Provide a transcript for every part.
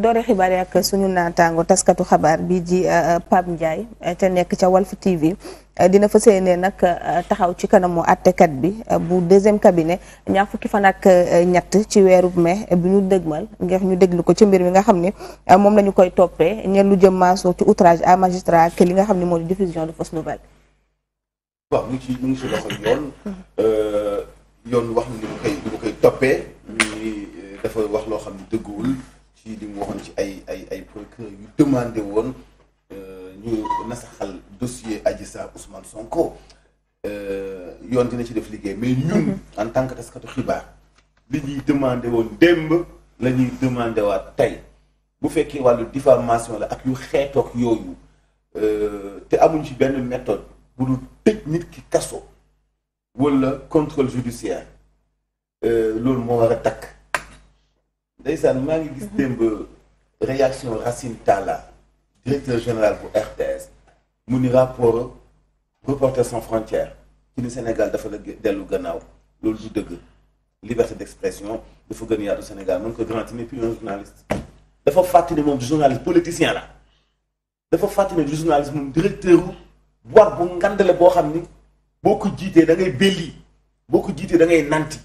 doore xibaar yi suñu naataango taskatu xabaar bi ji uh, uh, Pape njaay uh, te nekk ca Walf TV dina fa yéene nag taxaw ci kanamu àttekat bi bu deuxième cabinet ñaar fukki fan ak ñett ci weeru mai bi ñu dëgmal ngir ñu déglu ko ci mbir mi nga xam ni moom la ñu koy toppee ñeen lu jëm maaso ci outrage à magistrat ak li nga xam ni moo di diffusion de fausse nouvelle. toppee ñuy euh, dafa wax loo xam ne dëgguwul ci li mu waxoon ci ay ay ay procureur yu demandé woon euh, ñu nasaxal dossier aji Sarr Ousmane Sonko euh, yoon dina ci def liggéey mais ñun mm-hmm. en tant que taskatu xibaar li ñuy demandé woon démb lañuy ñuy demandé waat tey bu fekkee wàllu diffamation la ak yu xeetoog yooyu te amuñ ci benn méthode bu dul tëj nit ki kaso wala contrôle judiciaire Euh, loolu moo war a takk ndeysaan maa ngi gis mhm. démb réaction Racine Talla directeur général bu RTS mu ni rapport Reporters sans frontières ci ni Sénégal dafa la dellu gannaaw loolu du dëgg liberté d'expression dafa gën yaatu Sénégal mën ko garanti ni puis un journaliste dafa fàttali ne moom du journaliste politicien la dafa fàttali ne du journaliste moom directeur bu war bu ngand boo xam ni boo ko jiitee da ngay belli boo ko jiitee da ngay nanti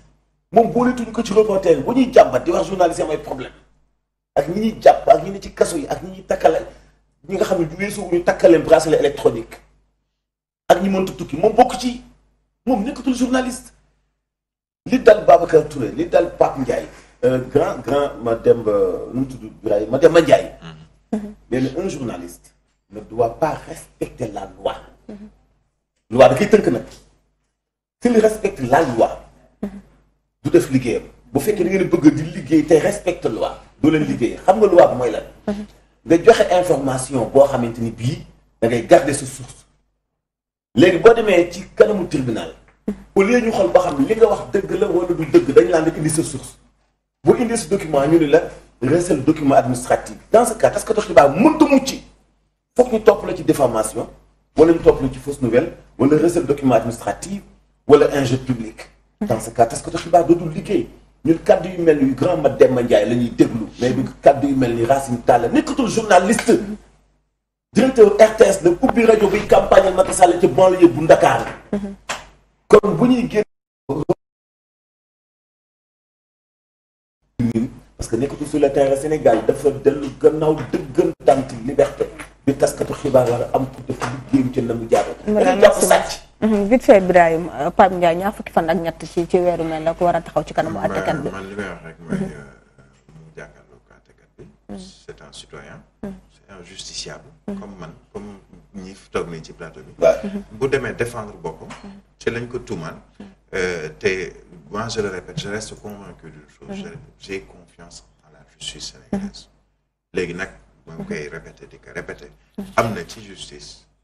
moom booletuñu ko ci reporter bu ñuy jàmbat di wax journaliste am ay problème ak ñi ñuy jàpp ak ñu ne ci kaso yi ak ñi ñuy takkale ñi nga xam ne du weesu ñu takkaleen bracelet électronique ak ñu mënta tukki moom bokk ci moom nekkatul journaliste li dal Babacar Touré li dal Pape Ndiaye euh, grand grand Mademba nu mu tudd Birahim Mademba Ndiaye nee mm-hmm. na un journaliste ne doit pas respecter la loi mm-hmm. loi da koy tënk nag s'il respecte la loi def liggéeyam bu fekkee da ngeen bëgg di liggéey te respecte loi du leen liggéey xam nga loi bi mooy la mhm. nga joxe information boo xamante ni bii da ngay garder sa source léegi boo demee ci kanamu tribunal au lieu ñu xool ba xam li nga wax dëgg la wala du dëgg dañ laa rek indi sa source bu indi sa document ñu ne la recel document administratif dans ce cas taskatu xibaar mënta mucc foog ñu topp la ci diffamation wala ñu topp la ci fausse nouvelle wala recel document administratif wala injure publique dans ce cas taskatu xibaar dootul liggéey ñun kaddu yu mel ni grand Mademba Ndiaye la ñuy déglu mais bi kaddu yu mel ni Racine Talla nekkatul journaliste directeur RTS la ubbi rajo bi campagne Macky Sall ci banlieue bu Ndakaar kon bu ñuy génn parce que nekkatul sur le terrain Sénégal dafa dellu gannaaw dëggantaan ci liberté bi taskatu xibaar war a am pour def liggéeyam ci na mu jaaroo dañu jàpp sàcc Mhm, vite fait Ibrahim euh, Pape Ndiaye ñaar fukki fan ak ñett ci ci weeru mel la ko war a taxaw ci kanamu àttekat bi man li may wax rek mooy mhm. euh, mu jàngaloo ko àttekat bi mhm. c'est un citoyen c'est un justiciable comme man comme ñi toog nañ ci plateau bi bu demee défendre boppam ci lañ ko tuumaal euh, te moi je le répète je reste convaincu d'une chose j'ai confiance en la justice sénégalaise léegi nag maa ngi koy répété ko répété am na ci justice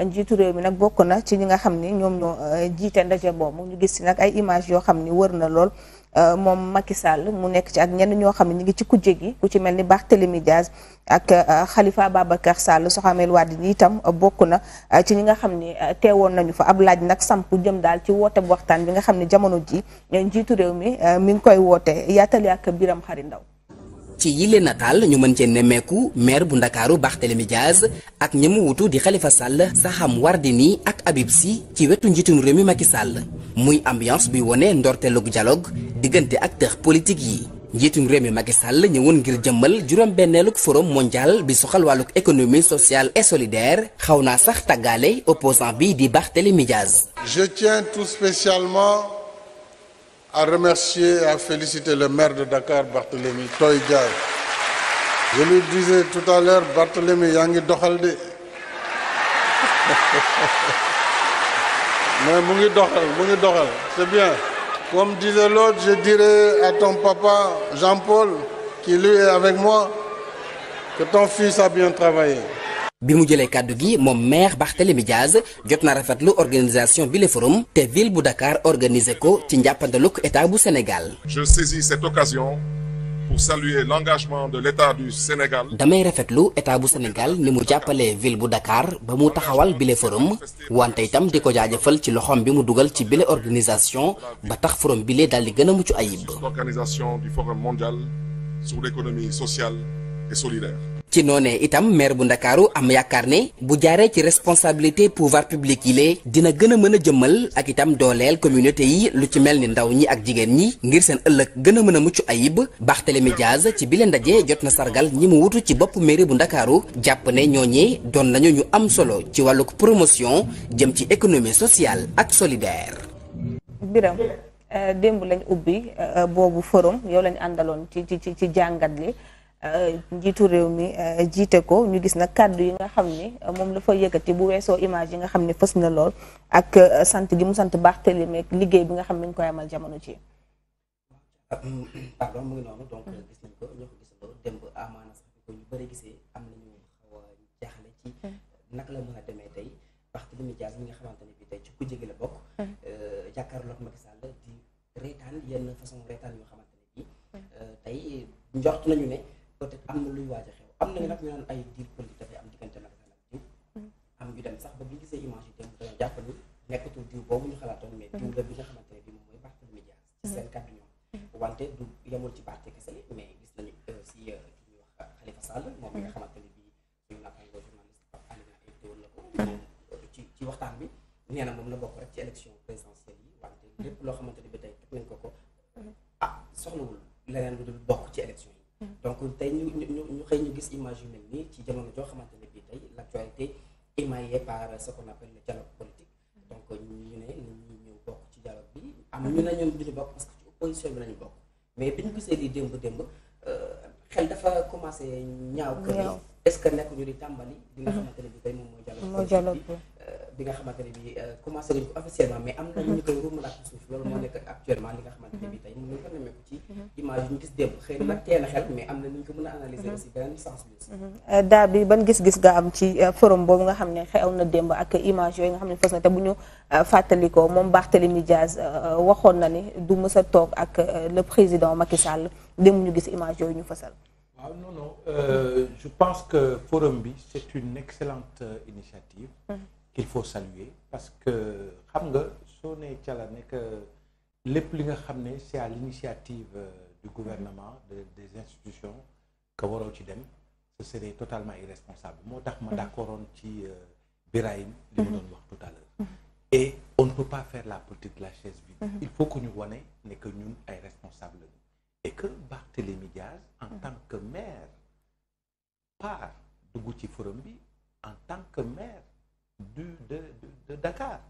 njiitu réew mi nag bokk na ci ñi nga xam ni ñoom ñoo euh, jiite ndaje boobu ñu gis si nag ay image yoo xam ni wër na lool euh, moom Macky sàll mu nekk ci ak ñenn ñoo xam ne ñu ngi ci kujje gi ku ci mel ni Barthélémy Diaz ak euh, Khalifa Babacar Sall Soham El Wardini itam bokk na ci ñi nga xam ni teewoon nañu fa ab laaj nag samp jëm daal ci woote bu waxtaan bi nga xam ne jamono ji njiitu réew mi mi ngi koy woote yaatali ak Biram Xari Ndaw ci yile nataal ñu mën cee nemmeeku maire bu ndakaaru Barthélemy Diaz ak ñamu wutu di Khalifa Sall Saham Wardini ak Habib si ci wetu njiitum réew mi Macky Sall muy ambiance buy wone ndorteelug jaloog diggante acteurs politiques yi njiitum réew mi Macky Sall ñëwoon ngir jëmmal juróom-benneeluk forum mondial bi soxal wàlluk économie sociale et solidaire xaw naa sax taggaale opposant bi di Barthélemy Diaz. Je tiens tout spécialement à remercier et à féliciter le maire de Dakar, Barthélémy Toy Diaye. Je lui disais tout à l'heure, Barthélémy, yaa ngi doxal de mais mu ngi doxal mu ngi doxal c'est bien. Comme disait l'autre, je dirais à ton papa Jean-Paul, qui lui est avec moi, que ton fils a bien travaillé. bi mu jëlee kàddu gi moom maire Barthélémy Diaz jot na rafetlu organisation bi le forum te ville bu Dakar organiser ko ci njàppandaluk état bu Sénégal. Je saisis cette occasion pour saluer l'engagement de l'état du Sénégal. damay rafetlu état bu Sénégal ni mu jàppale ville bu Dakar ba mu taxawal bile forum wante itam di ko jaajëfal ci loxoom bi mu dugal ci bile organisation ba tax forum bile daal di gën a mucc ayib. organisation du forum mondial sur l'économie ci noonee itam maire bu ndakaaru am yaakaar ne bu jaaree ci responsabilité pouvoir public yi lee dina gën a mën a jëmmal ak itam dooleel communauté yi lu ci mel ni ndaw ñi ak jigéen ñi ngir seen ëllëg gën a mën a mucc ayib Barthélémy Diaz ci bile ndaje jot na sargal ñi mu wutu ci bopp mairie bu ndakaaru jàpp ne ñooñee doon nañu ñu am solo ci wàlluk promotion jëm ci économie sociale ak solidaire biram eh, démb lañ ubbi eh, eh, boobu forum yow lañ àndaloon ci ci jàngat li Euh, njiitu réew mi euh, jiite ko ñu gis nag kàddu yi nga xam ni euh, moom la fa yëkkati bu weesoo image yi nga xam ni fës na lool ak sant gi mu sant Barthélémy ak liggéey bi nga xam ne ñu amal jamono ci ah, pardon mu ngi noonu donc gis nañ ko ñoo ko gisandoo démb amaana sax ko ñu bëri gisee am nañu xaw a ci mm. naka la mën a demee tey Barthélémy Dias mi nga xamante ne bi tey ci ku jege la bokk mm. jàkkaarloog Macky Sall di reetaan yenn façon reetaan yoo xamante ne bi mm. tey njort nañu ne am na luy waaj a xew am na nag ñu naan ay diir politique dafay am diggante diw bi ñu gisee image yi dem dañoo jàpp ni nekkatul diw boobu ñu xalaatoon mais diw la bi nga xamante bi moom mooy Barthélémy Dias ci seen kàddu mais gis nañu euh, si euh, ki ñuy wax Khalifa moom mi nga xamante ne bi na moom euh, ci waxtaan bi nee na moom la bokk rek ci élection présidentielle yi wante lépp loo xamante ne bi tey teg nañ ko ko ah soxlawul leneen lu dul bokk tey ñu ñu ñu xëy ñu gis image yu mel nii ci jamono joo xamante ne tey l'actualité émaillée par ce qu'on appelle le dialogue donc ñu ne nit bokk ci dialogue bi am ñu ne ñoom du ñu bokk parce que ci opposition bi lañu bokk mais bi ñu gisee di démb démb euh, xel dafa commencé ñaaw kër est-ce nekk ñu di tàmbali bi nga mhm. xamante tey moom mooy dialogue mooy dialogue bi euh, bi nga xamante ne bii euh, officiellement mais am na ñu koy ruumalaat suuf loolu moo gis démb xëy na nag mhm. a xel mais am na ñu a analyser mhm. aussi beneen sens euh, bi ban gis-gis nga am ci euh, forum boobu nga xam ne xew na démb ak image yooyu nga xam ne fas na te bu ñu euh, fàttalikoo moom Barthélémy Diaz waxoon na ni du mës a toog ak le président Macky Sall démb ñu gis image yooyu ñu fasal waaw non non euh, je pense que forum bi c'est une excellente initiative mhm. qu'il faut saluer parce que xam nga soo ne ca la nekk lépp li nga xam ne c'est a l'initiative du gouvernement de, des institutions que waroo ci dem ce serait totalement irresponsable moo tax ma mm-hmm. d'accordoon ci euh, Birahim li ma mm-hmm. doon wax tout à l'heure mm-hmm. et on ne peut pas faire la politique de la chaise vide il faut que ñu wane ne que ñun ay responsable lañu et que Barthélémy Diaz en tant que maire part dugg ci forum bi en tant que maire du de Dakar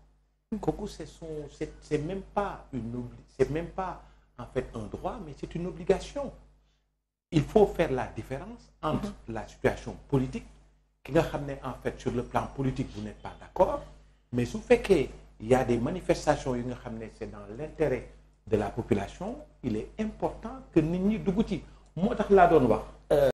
kooku c'est même pas une oubli c'est même pas en fait un droit, mais c'est une obligation. Il faut faire la différence entre mm -hmm. la situation politique, qui en fait sur le plan politique, vous n'êtes pas d'accord, mais vous fait qu'il y a des manifestations, c'est dans l'intérêt de la population, il est important que nous nous Moi, je